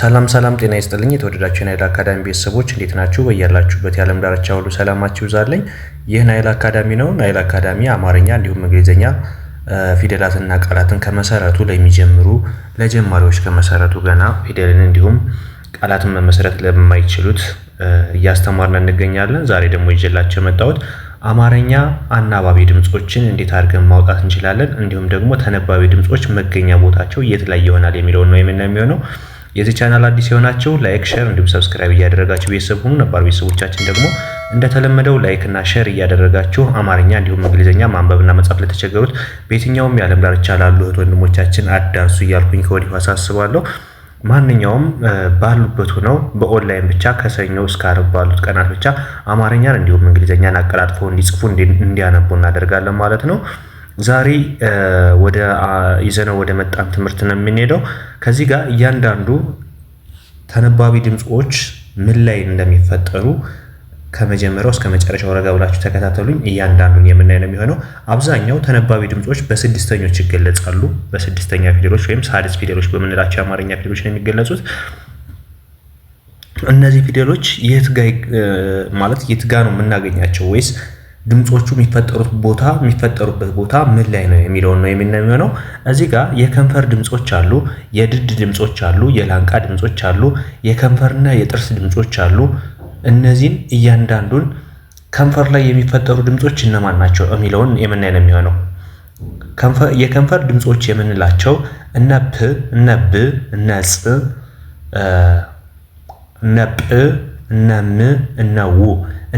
ሰላም ሰላም፣ ጤና ይስጥልኝ የተወደዳችሁ የናይል አካዳሚ ቤተሰቦች እንዴት ናችሁ? በያላችሁበት የዓለም ዳርቻ ሁሉ ሰላማችሁ ይብዛልኝ። ይህ ናይል አካዳሚ ነው። ናይል አካዳሚ አማርኛ እንዲሁም እንግሊዝኛ ፊደላትና ቃላትን ከመሰረቱ ለሚጀምሩ ለጀማሪዎች ከመሰረቱ ገና ፊደልን እንዲሁም ቃላትን መመስረት ለማይችሉት እያስተማርን እንገኛለን። ዛሬ ደግሞ ይዤላቸው የመጣሁት አማርኛ አናባቢ ድምፆችን እንዴት አድርገን ማውጣት እንችላለን፣ እንዲሁም ደግሞ ተነባቢ ድምፆች መገኛ ቦታቸው የት ላይ ይሆናል የሚለውን ነው የምናየው የሚሆነው የዚህ ቻናል አዲስ የሆናችሁ ላይክ፣ ሼር እንዲሁም ሰብስክራይብ እያደረጋችሁ ቤተሰብ ሁኑ። ነባር ቤተሰቦቻችን ደግሞ እንደተለመደው ላይክ እና ሼር እያደረጋችሁ አማርኛ እንዲሁም እንግሊዝኛ ማንበብና መጻፍ ለተቸገሩት በየትኛውም የዓለም ዳርቻ ላሉ እህት ወንድሞቻችን አዳርሱ እያልኩኝ ከወዲሁ አሳስባለሁ። ማንኛውም ባሉበት ሆነው በኦንላይን ብቻ ከሰኞ እስከ አርብ ባሉት ቀናት ብቻ አማርኛን እንዲሁም እንግሊዝኛን አቀላጥፎ እንዲጽፉ እንዲያነቡ እናደርጋለን ማለት ነው። ዛሬ ወደ ይዘነው ወደ መጣን ትምህርት ነው የምንሄደው። ከዚህ ጋር እያንዳንዱ ተነባቢ ድምፆች ምን ላይ እንደሚፈጠሩ ከመጀመሪያው እስከ መጨረሻው ረጋ ብላችሁ ተከታተሉኝ። እያንዳንዱን የምናይ ነው የሚሆነው። አብዛኛው ተነባቢ ድምፆች በስድስተኞች ይገለጻሉ። በስድስተኛ ፊደሎች ወይም ሳድስ ፊደሎች በምንላቸው የአማርኛ ፊደሎች ነው የሚገለጹት። እነዚህ ፊደሎች የት ጋ ማለት የት ጋ ነው የምናገኛቸው ወይስ ድምፆቹ የሚፈጠሩት ቦታ የሚፈጠሩበት ቦታ ምን ላይ ነው የሚለውን ነው የምና የሚሆነው። እዚህ ጋር የከንፈር ድምፆች አሉ፣ የድድ ድምፆች አሉ፣ የላንቃ ድምፆች አሉ፣ የከንፈርና የጥርስ ድምፆች አሉ። እነዚህን እያንዳንዱን ከንፈር ላይ የሚፈጠሩ ድምፆች እነማን ናቸው የሚለውን የምናይ ነው የሚሆነው። የከንፈር ድምፆች የምንላቸው እነ ፕ እነ ብ እነ ጽ እነ ጵ እነ ም እነ ው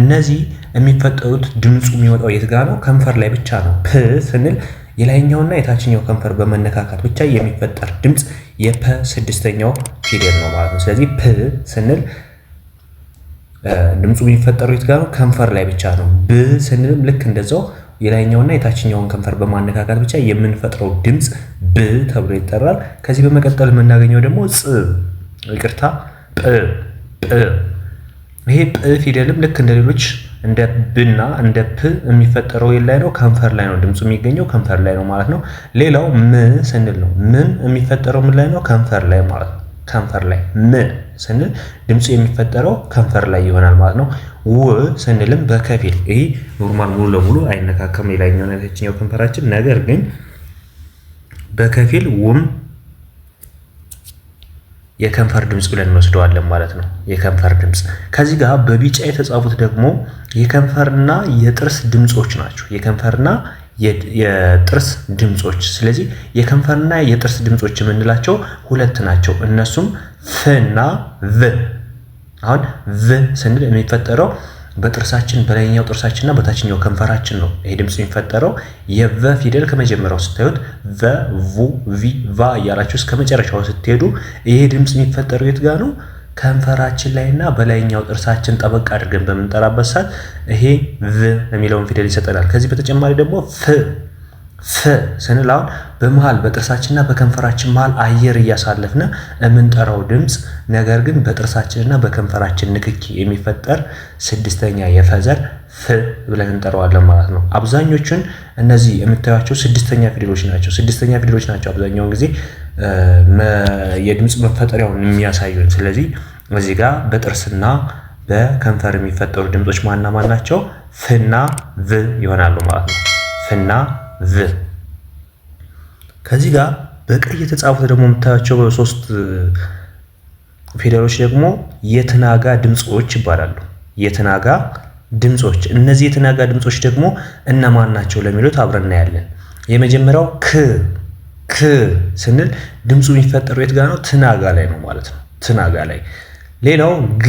እነዚህ የሚፈጠሩት ድምፁ የሚወጣው የት ጋር ነው? ከንፈር ላይ ብቻ ነው። ፕ ስንል የላይኛውና የታችኛው ከንፈር በመነካካት ብቻ የሚፈጠር ድምፅ የፐ ስድስተኛው ፊደል ነው ማለት ነው። ስለዚህ ፕ ስንል ድምፁ የሚፈጠረው የት ጋር ነው? ከንፈር ላይ ብቻ ነው። ብ ስንልም ልክ እንደዛው የላይኛውና የታችኛውን ከንፈር በማነካካት ብቻ የምንፈጥረው ድምፅ ብ ተብሎ ይጠራል። ከዚህ በመቀጠል የምናገኘው ደግሞ ጽ፣ ይቅርታ ጵ። ይሄ ጵ ፊደልም ልክ እንደሌሎች እንደ ብና እንደ ፕ የሚፈጠረው የት ላይ ነው? ከንፈር ላይ ነው። ድምፁ የሚገኘው ከንፈር ላይ ነው ማለት ነው። ሌላው ም ስንል ነው። ምን የሚፈጠረው ምን ላይ ነው? ከንፈር ላይ ማለት ነው። ከንፈር ላይ ም ስንል ድምፁ የሚፈጠረው ከንፈር ላይ ይሆናል ማለት ነው። ው ስንልም በከፊል ይህ ኖርማል ሙሉ ለሙሉ አይነካከም የላይኛው ከንፈራችን ነገር ግን በከፊል ውም የከንፈር ድምፅ ብለን እንወስደዋለን ማለት ነው። የከንፈር ድምፅ ከዚህ ጋር በቢጫ የተጻፉት ደግሞ የከንፈርና የጥርስ ድምፆች ናቸው። የከንፈርና የጥርስ ድምፆች። ስለዚህ የከንፈርና የጥርስ ድምፆች የምንላቸው ሁለት ናቸው። እነሱም ፍና ቭ። አሁን ቭ ስንል የሚፈጠረው በጥርሳችን በላይኛው ጥርሳችንና በታችኛው ከንፈራችን ነው ይሄ ድምፅ የሚፈጠረው። የቨ ፊደል ከመጀመሪያው ስታዩት ቨ፣ ቪ፣ ቫ እያላችሁ እስከ መጨረሻው ስትሄዱ ይሄ ድምፅ የሚፈጠረው የት ጋር ነው? ከንፈራችን ላይና በላይኛው ጥርሳችን ጠበቅ አድርገን በምንጠራበት ሰዓት ይሄ ቭ የሚለውን ፊደል ይሰጠናል። ከዚህ በተጨማሪ ደግሞ ፍ ፍ ስንል አሁን በመሃል በጥርሳችንና በከንፈራችን መሃል አየር እያሳለፍነ የምንጠራው ድምፅ፣ ነገር ግን በጥርሳችንና በከንፈራችን ንክኪ የሚፈጠር ስድስተኛ የፈዘር ፍ ብለን እንጠራዋለን ማለት ነው። አብዛኞቹን እነዚህ የምታዩቸው ስድስተኛ ፊደሎች ናቸው። ስድስተኛ ፊደሎች ናቸው አብዛኛውን ጊዜ የድምፅ መፈጠሪያውን የሚያሳዩን። ስለዚህ እዚህ ጋር በጥርስና በከንፈር የሚፈጠሩ ድምፆች ማና ማን ናቸው? ፍና ቭ ይሆናሉ ማለት ነው። ፍና ቭ። ከዚህ ጋር በቀይ የተጻፉት ደግሞ የምታያቸው ሶስት ፊደሎች ደግሞ የትናጋ ድምፆች ይባላሉ። የትናጋ ድምፆች። እነዚህ የትናጋ ድምፆች ደግሞ እነማን ናቸው ለሚሉት አብረን እናያለን። የመጀመሪያው ክ ክ ስንል ድምፁ የሚፈጠረው የት ጋር ነው? ትናጋ ላይ ነው ማለት ነው። ትናጋ ላይ። ሌላው ግ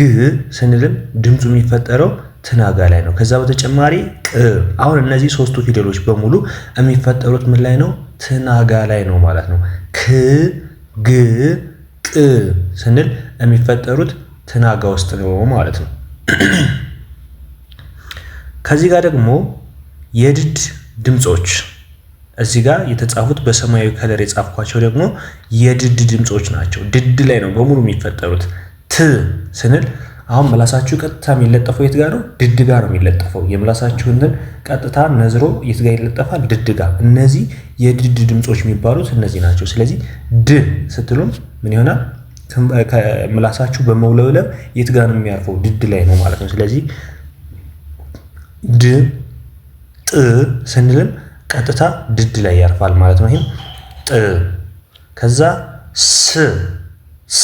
ስንልም ድምፁ የሚፈጠረው ትናጋ ላይ ነው። ከዛ በተጨማሪ ቅ አሁን እነዚህ ሶስቱ ፊደሎች በሙሉ የሚፈጠሩት ምን ላይ ነው? ትናጋ ላይ ነው ማለት ነው። ክ ግ ቅ ስንል የሚፈጠሩት ትናጋ ውስጥ ነው ማለት ነው። ከዚህ ጋር ደግሞ የድድ ድምጾች እዚህ ጋር የተጻፉት በሰማያዊ ከለር የጻፍኳቸው ደግሞ የድድ ድምጾች ናቸው። ድድ ላይ ነው በሙሉ የሚፈጠሩት ት ስንል አሁን ምላሳችሁ ቀጥታ የሚለጠፈው የት ጋር ነው? ድድ ጋር ነው የሚለጠፈው። የምላሳችሁን ቀጥታ ነዝሮ የት ጋር ይለጠፋል? ድድ ጋር። እነዚህ የድድ ድምፆች የሚባሉት እነዚህ ናቸው። ስለዚህ ድ ስትሉም ምን ይሆናል? ምላሳችሁ በመውለብለብ የት ጋር ነው የሚያርፈው? ድድ ላይ ነው ማለት ነው። ስለዚህ ድ ጥ ስንልም ቀጥታ ድድ ላይ ያርፋል ማለት ነው። ይህም ጥ ከዛ ስ ስ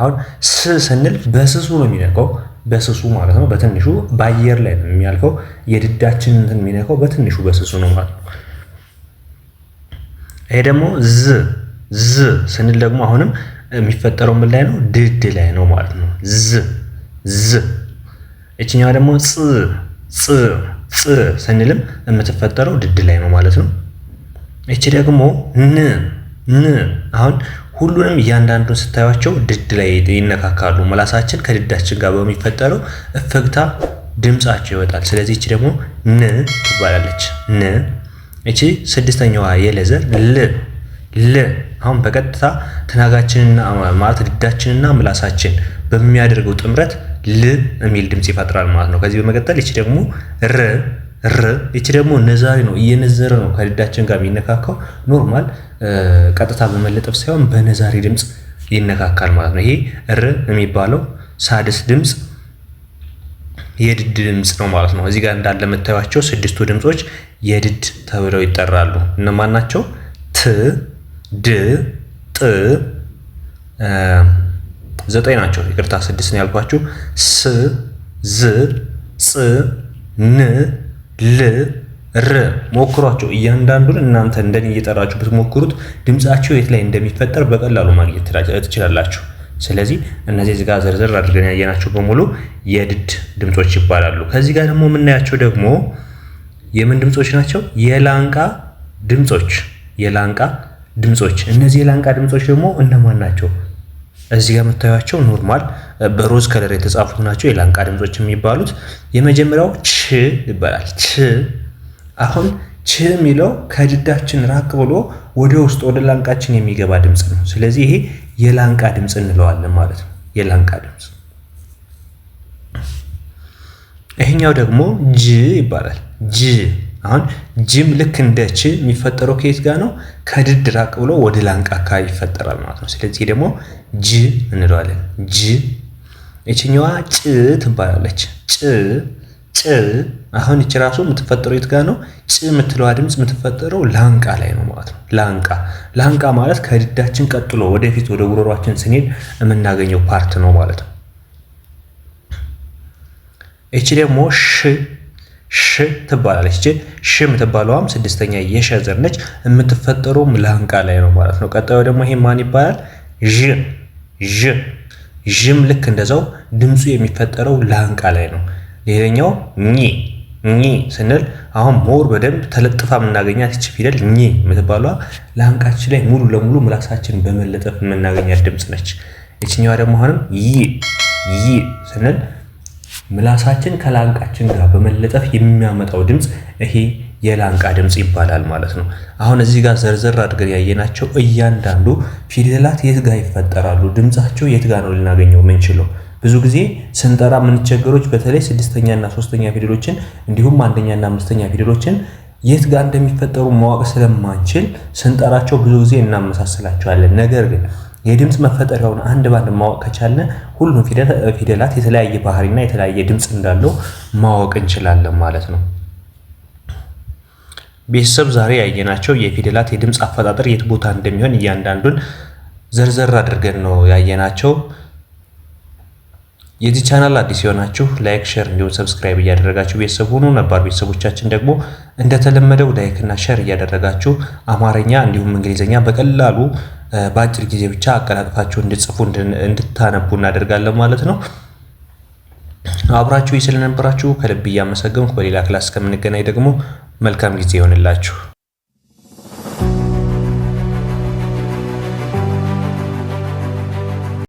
አሁን ስ ስንል በስሱ ነው የሚነካው በስሱ ማለት ነው። በትንሹ በአየር ላይ ነው የሚያልፈው። የድዳችንን የሚነካው በትንሹ በስሱ ነው ማለት ነው። ይሄ ደግሞ ዝ ዝ ስንል ደግሞ አሁንም የሚፈጠረው ምን ላይ ነው? ድድ ላይ ነው ማለት ነው። ዝ ዝ እችኛዋ ደግሞ ጽ ጽ ጽ ስንልም የምትፈጠረው ድድ ላይ ነው ማለት ነው። እች ደግሞ ን ን አሁን ሁሉንም እያንዳንዱን ስታዩቸው ድድ ላይ ይነካካሉ። ምላሳችን ከድዳችን ጋር በሚፈጠረው እፈግታ ድምጻቸው ይወጣል። ስለዚህ እቺ ደግሞ ን ትባላለች። ን እቺ ስድስተኛዋ የለዘር ል ል አሁን በቀጥታ ትናጋችንና ማለት ድዳችንና ምላሳችን በሚያደርገው ጥምረት ል የሚል ድምጽ ይፈጥራል ማለት ነው። ከዚህ በመቀጠል እቺ ደግሞ ር ር እቺ ደግሞ ነዛሪ ነው፣ እየነዘረ ነው ከድዳችን ጋር የሚነካካው ኖርማል ቀጥታ በመለጠፍ ሳይሆን በነዛሪ ድምፅ ይነካካል ማለት ነው። ይሄ እር የሚባለው ሳድስ ድምፅ የድድ ድምፅ ነው ማለት ነው። እዚህ ጋር እንዳለ መታያቸው ስድስቱ ድምፆች የድድ ተብለው ይጠራሉ። እነማን ናቸው? ት፣ ድ፣ ጥ ዘጠኝ ናቸው። ይቅርታ ስድስት ነው ያልኳችሁ። ስ፣ ዝ፣ ጽ፣ ን፣ ል ር ሞክሯቸው። እያንዳንዱን እናንተ እንደኔ እየጠራችሁ ብትሞክሩት ድምፃቸው የት ላይ እንደሚፈጠር በቀላሉ ማግኘት ትችላላችሁ። ስለዚህ እነዚህ እዚህ ጋር ዝርዝር አድርገን ያየናቸው በሙሉ የድድ ድምፆች ይባላሉ። ከዚህ ጋር ደግሞ የምናያቸው ደግሞ የምን ድምፆች ናቸው? የላንቃ ድምፆች። የላንቃ ድምፆች። እነዚህ የላንቃ ድምፆች ደግሞ እነማን ናቸው? እዚህ ጋር የምታዩቸው ኖርማል በሮዝ ከለር የተጻፉት ናቸው የላንቃ ድምፆች የሚባሉት። የመጀመሪያው ች ይባላል። ች አሁን ች የሚለው ከድዳችን ራቅ ብሎ ወደ ውስጥ ወደ ላንቃችን የሚገባ ድምፅ ነው። ስለዚህ ይሄ የላንቃ ድምፅ እንለዋለን ማለት ነው። የላንቃ ድምፅ። ይሄኛው ደግሞ ጅ ይባላል። ጅ አሁን ጅም ልክ እንደ ች የሚፈጠረው ከየት ጋር ነው? ከድድ ራቅ ብሎ ወደ ላንቃ አካባቢ ይፈጠራል ማለት ነው። ስለዚህ ደግሞ ጅ እንለዋለን። ጅ። ይችኛዋ ጭ ትባላለች። ጭ ጭ አሁን ይች ራሱ የምትፈጠረው የት ጋር ነው? ጭ የምትለዋ ድምፅ የምትፈጠረው ላንቃ ላይ ነው ማለት ነው። ላንቃ ላንቃ ማለት ከድዳችን ቀጥሎ ወደፊት ወደ ጉሮሯችን ስንሄድ የምናገኘው ፓርት ነው ማለት ነው። ይቺ ደግሞ ሽ ሽ ትባላለች። ይቺ ሽ የምትባለዋም ስድስተኛ ዘር ነች። የምትፈጠረውም ላንቃ ላይ ነው ማለት ነው። ቀጣዩ ደግሞ ይሄ ማን ይባላል? ዥ ዥ ዥም ልክ እንደዛው ድምፁ የሚፈጠረው ላንቃ ላይ ነው። ይሄኛው ኝ ኝ ስንል አሁን ሞር በደንብ ተለጥፋ የምናገኛት ይች ፊደል ኝ የምትባሏ ለአንቃች ላይ ሙሉ ለሙሉ ምላሳችን በመለጠፍ የምናገኛት ድምፅ ነች። ይችኛዋ ደግሞ አሁንም ይ ይ ስንል ምላሳችን ከላንቃችን ጋር በመለጠፍ የሚያመጣው ድምፅ ይሄ የላንቃ ድምፅ ይባላል ማለት ነው። አሁን እዚህ ጋር ዘርዘር አድርገን ያየናቸው እያንዳንዱ ፊደላት የት ጋር ይፈጠራሉ? ድምፃቸው የት ጋር ነው ልናገኘው ምንችለው? ብዙ ጊዜ ስንጠራ ምንቸገሮች በተለይ ስድስተኛና ሶስተኛ ፊደሎችን እንዲሁም አንደኛና አምስተኛ ፊደሎችን የት ጋር እንደሚፈጠሩ ማወቅ ስለማንችል ስንጠራቸው ብዙ ጊዜ እናመሳስላቸዋለን። ነገር ግን የድምፅ መፈጠሪያውን አንድ ባንድ ማወቅ ከቻለ ሁሉም ፊደላት የተለያየ ባህሪና የተለያየ ድምፅ እንዳለው ማወቅ እንችላለን ማለት ነው። ቤተሰብ ዛሬ ያየናቸው የፊደላት የድምፅ አፈጣጠር የት ቦታ እንደሚሆን እያንዳንዱን ዘርዘር አድርገን ነው ያየናቸው። የዚህ ቻናል አዲስ የሆናችሁ ላይክ፣ ሸር እንዲሁም ሰብስክራይብ እያደረጋችሁ ቤተሰብ ሁኑ። ነባር ቤተሰቦቻችን ደግሞ እንደተለመደው ላይክና ሸር እያደረጋችሁ አማርኛ እንዲሁም እንግሊዝኛ በቀላሉ በአጭር ጊዜ ብቻ አቀላጥፋችሁ እንድጽፉ እንድታነቡ እናደርጋለን ማለት ነው። አብራችሁ ስለነበራችሁ ከልብ እያመሰገንኩ በሌላ ክላስ እስከምንገናኝ ደግሞ መልካም ጊዜ ይሆንላችሁ።